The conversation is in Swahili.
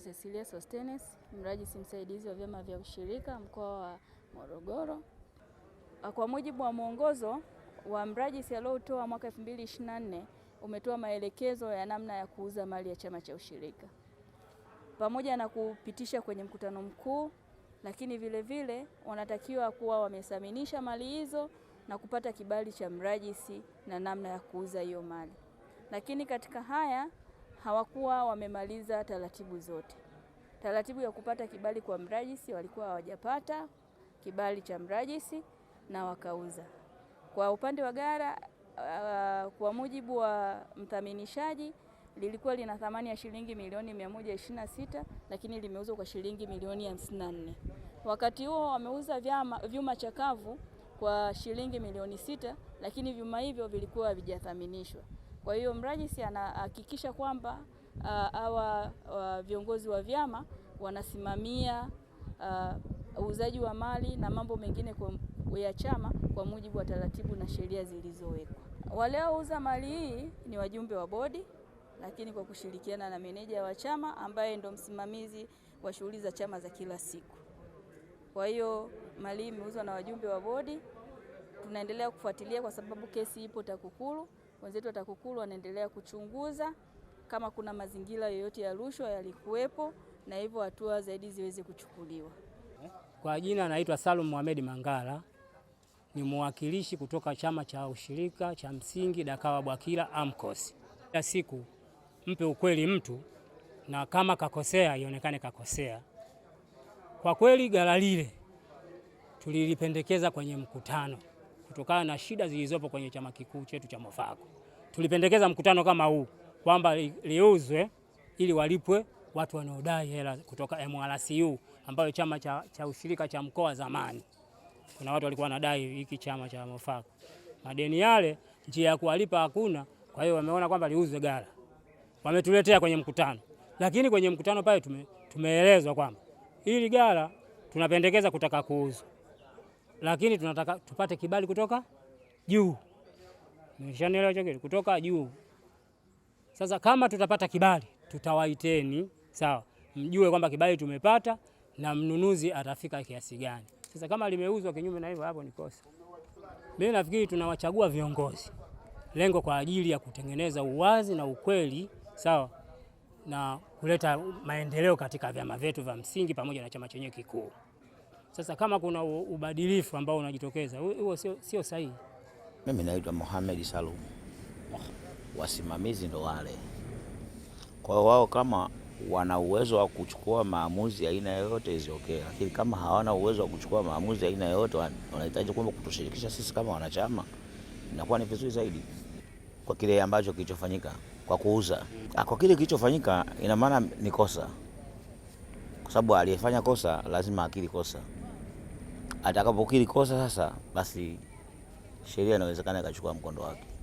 Cecilia Sostenes, mrajisi msaidizi wa vyama vya ushirika mkoa wa Morogoro. Ah, kwa mujibu wa mwongozo wa mrajisi aliotoa mwaka 2024 umetoa maelekezo ya namna ya kuuza mali ya chama cha ushirika pamoja na kupitisha kwenye mkutano mkuu, lakini vile vile wanatakiwa kuwa wamethaminisha mali hizo na kupata kibali cha mrajisi na namna ya kuuza hiyo mali. Lakini katika haya hawakuwa wamemaliza taratibu zote. Taratibu ya kupata kibali kwa mrajisi walikuwa hawajapata kibali cha mrajisi na wakauza. Kwa upande wa gara uh, kwa mujibu wa mthaminishaji lilikuwa lina thamani ya shilingi milioni 126 lakini limeuzwa kwa shilingi milioni 54. Wakati huo wameuza vyama, vyuma chakavu kwa shilingi milioni sita lakini vyuma hivyo vilikuwa havijathaminishwa. Kwa hiyo mrajisi anahakikisha kwamba ah, hawa uh, viongozi wa vyama wanasimamia ah, uuzaji uh, wa mali na mambo mengine kwa, ya chama kwa mujibu wa taratibu na sheria zilizowekwa. Waliouza mali hii ni wajumbe wa bodi, lakini kwa kushirikiana na meneja wa chama ambaye ndo msimamizi wa shughuli za chama za kila siku. Kwa hiyo mali hii imeuzwa na wajumbe wa bodi, tunaendelea kufuatilia kwa sababu kesi ipo TAKUKURU wenzetu wa TAKUKURU wanaendelea kuchunguza kama kuna mazingira yoyote ya rushwa yalikuwepo na hivyo hatua zaidi ziweze kuchukuliwa. Kwa jina anaitwa Salum Mohamed Mangala, ni mwakilishi kutoka chama cha ushirika cha msingi Dakawa Bwakila AMCOS. Kila siku mpe ukweli mtu, na kama kakosea ionekane kakosea. Kwa kweli gala lile tulilipendekeza kwenye mkutano kutokana na shida zilizopo kwenye chama kikuu chetu cha Mofako tulipendekeza mkutano kama huu kwamba liuzwe ili walipwe watu wanaodai hela kutoka MRCU ambayo chama cha, cha ushirika cha mkoa zamani. Kuna watu walikuwa wanadai hiki chama cha mafaka madeni yale, njia ya kuwalipa hakuna. Kwa hiyo wameona kwamba liuzwe gala wametuletea kwenye mkutano, lakini kwenye mkutano pale tume, tumeelezwa kwamba hili gala tunapendekeza kutaka kuuzwa, lakini tunataka tupate kibali kutoka juu. Nishanielewa hicho kitu kutoka juu. Sasa kama tutapata kibali, tutawaiteni sawa, mjue kwamba kibali tumepata na mnunuzi atafika kiasi gani. Sasa kama limeuzwa kinyume na hivyo, hapo ni kosa. Mimi nafikiri tunawachagua viongozi lengo kwa ajili ya kutengeneza uwazi na ukweli sawa, na kuleta maendeleo katika vyama vyetu vya msingi pamoja na chama chenyewe kikuu. Sasa kama kuna ubadilifu ambao unajitokeza, huo sio sahihi. Mimi naitwa Mohamed Salum, wasimamizi ndo wale. Kwa hiyo wao kama wana uwezo wa kuchukua maamuzi aina yoyote hizo, okay, lakini kama hawana uwezo wa kuchukua maamuzi aina yoyote, wanahitaji kwamba kutushirikisha sisi kama wanachama, inakuwa ni vizuri zaidi kwa kile ambacho kilichofanyika kwa kuuza. Ah, kwa kile kilichofanyika, ina maana ni kosa, kwa sababu aliyefanya kosa lazima akili kosa. Atakapokili kosa sasa, basi sheria inawezekana ikachukua mkondo wake.